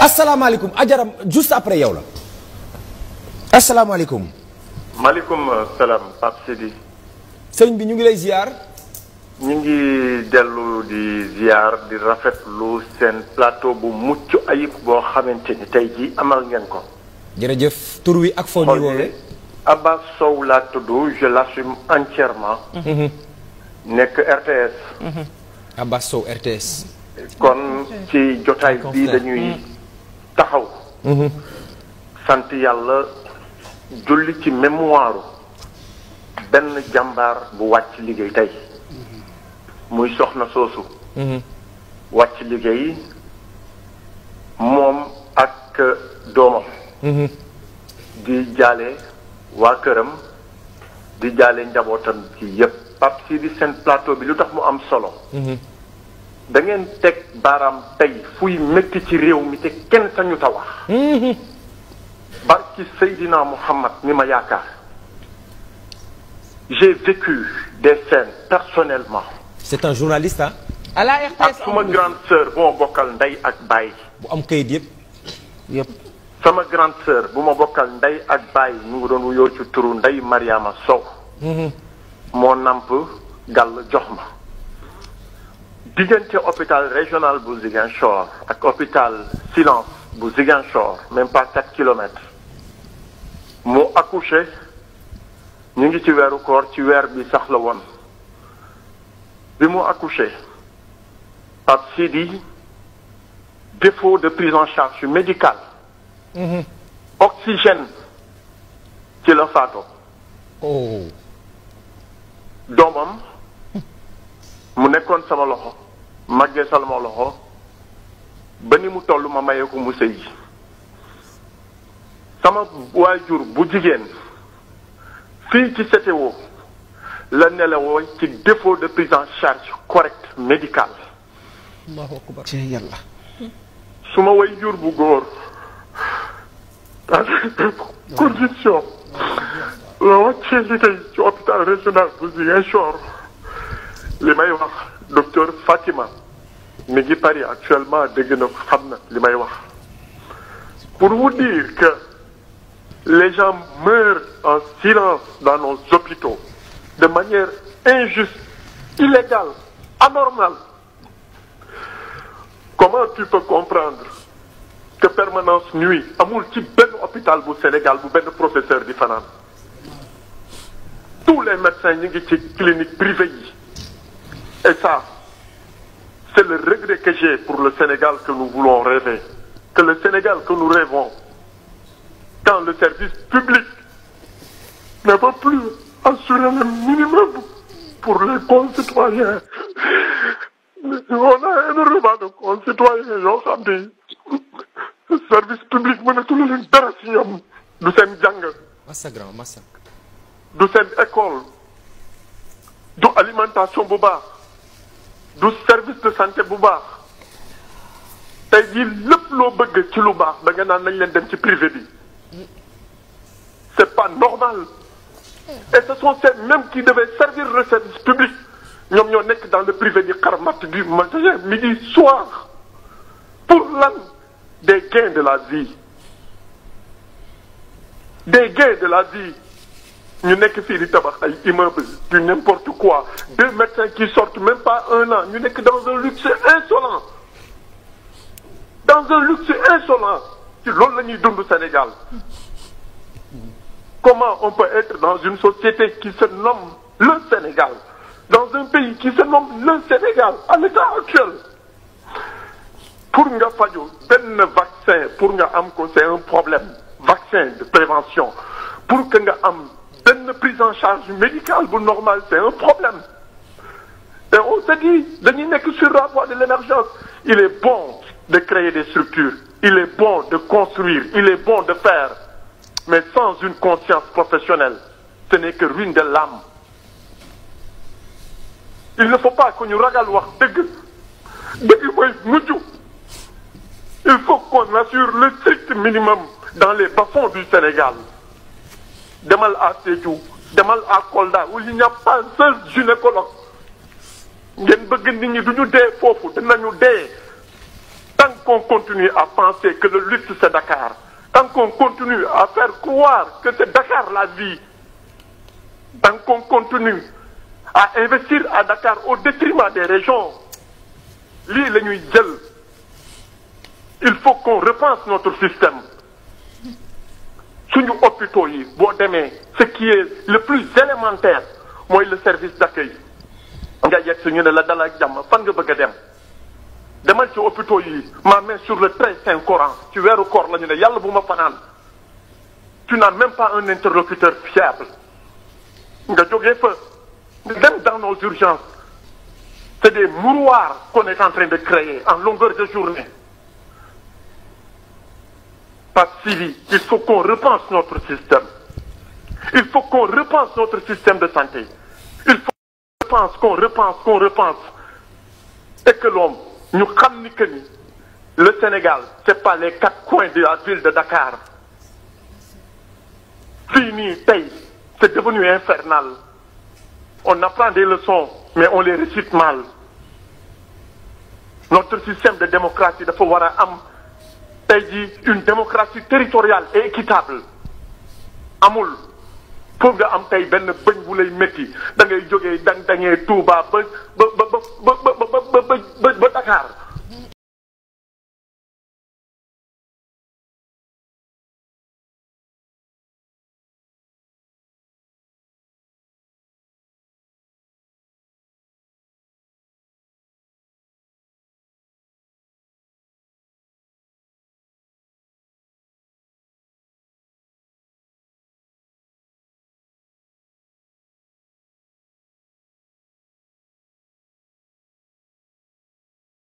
asalaamaaleykum ajaram juste après yow la asalaamaaleykum. maaleykum salaam Pape Sidi. bi ñu ngi lay ziar. ñu ngi dellu di ziar di rafetlu seen plateau bu mucc ayib boo xamante ni tey jii amal ngeen ko. jërëjëf tur wi ak foo ñuy woowee. Abbas Sow laa tudd je l'assume entièrement. Mhm. nekk RTS. Mhm. Abbas Sow RTS. kon ci jotaay bii dañuy. Mhm. taxaw. Mm-hmm. sant yàlla julli ci mémoire benn jàmbaar bu wàcc liggéey tey. Mm-hmm. muy soxna soosu. Mm-hmm. wàcc liggéey moom ak doomam. di jaale waa këram di jaale njabootam ci yépp Pape Sidi seen plateau bi lu tax mu am solo. da ngeen teg baaraam tey fuy métti ci réew mi te kenn sañu ta wax barki Seydina Muhammad mi ma yaakaar j'ai vécu des scènes personnellement c'est un journaliste ah ala RTS ak suma grande sœur bu ma bokkal ndey ak baay bu am kayit yëpp sama grande sœur bu ma bokkal ndey ak baay ñu ngi doon wuyoo ci turu ndey Mariama Sow moo namp gàll jox ma diggante hôpital régional bu Ziguinchor ak hôpital Silence bu Ziguinchor même pas quatre kilomètres mu accouché ñu ngi ci weeru koor ci weer bi sax la woon bi mu accouché Pape di défaut de prise en charge médical mmh. oxygène ci la faatoo oh. doomam mu nekkoon sama loxo màggee sama loxo ba ni mu toll ma mayee ko mu sëy ji sama waajur bu jigéen fii ci CTO la nelawoo ci défaut de prise en charge correcte médical Allahu akbar ci yàlla. su ma waajur bu góor condition la wàccee liggéey ci hôpital régional bu Ziguinchor. li may wax docteur Fatima mi ngi Paris actuellement dégg na xam na li may wax pour vous dire que les gens meurent en silence dans nos hôpitaux de manière injuste, illégale, anormale. Comment tu peux comprendre que permanence nuit amul ci benn hôpital bu Sénégal bu benn professeur di fanaan tous les médecins ñu ngi ci clinique privée yi Et ça, c'est le regret que j'ai pour le Sénégal que nous voulons rêver. Que le Sénégal que nous rêvons, quand le service public ne peut plus assurer le minimum pour les concitoyens. On a énormément service public mënatul leen dara ci ñoom du école du alimentation bu du service de santé bu baax tey jii lépp loo bëgg ci lu baax da nga naan nañ leen dem ci privé bi c'est pas normal et ce sont ces mêmes qui devaient servir le service public ñoom ñoo nekk dans le privé di xar matt du matin midi soir pour lan des gains de la vie des gains de la vie ñu nekk fii di tabax ay immeuble du n'importe quoi deux médecins qui sortent même pas un an ñu nekk dans un luxe insolent dans un luxe insolent ci loolu la ñuy dund Sénégal comment on peut être dans une société qui se nomme le Sénégal dans un pays qui se nomme le Sénégal à l'état actuel pour nga faju benn vaccin pour nga am ko c'est un problème vaccin de prévention pour que nga am benn prise en charge médicale bu normal un problème et on se dit dañuy nekk sur la voie de l'émergence il est bon de créer des structures il est bon de construire il est bon de faire mais sans une conscience professionnelle ce n'est que ruine de l'âme il ne faut pas que ñu ragal wax dëgg dëgg mooy mujj il faut qu'on assure le strict minimum dans les bas-fonds du Sénégal demal à Sédhiou demal à Kolda où il n'y a pas un seul gynécologue ngeen bëgg nit ñi du ñu dee foofu dinañu dee tant qu'on continue à penser que le luxe c'est Dakar tant qu'on continue à faire croire que c'est Dakar la vie tant qu'on continue à investir à Dakar au détriment des régions lii la ñuy jël il faut qu'on repense notre système suñu hôpitaux yi boo demee ce qui est le plus élémentaire mooy le service d'accueil nga yegg si ñu ne la dal ak jàmm fan nga bëgg a dem demal ci hôpitaux yi ma main sur le très saint courant ci weeru koor la ñu ne yàlla bu ma fanaan tu n'as même pas un interlocuteur fiable nga joge fa dem dans nos urgences c'est des mouroirs qu'on en train de créer en longueur de journée Parce il faut qu'on repense notre système. Il faut qu'on repense notre système de santé. Il faut qu'on repense, qu'on repense, qu'on repense. Et que l'homme, nous que le Sénégal, ce n'est pas les quatre coins de la ville de Dakar. Fini, paye, c'est devenu infernal. On apprend des leçons, mais on les récite mal. Notre système de démocratie, il faut voir un tey jii une démocratie territoriale et équitable amul pour nga am tey benn bëñ bu lay métti da ngay jógee dang dangee Touba ba ba ba ba ba ba ba Dakar.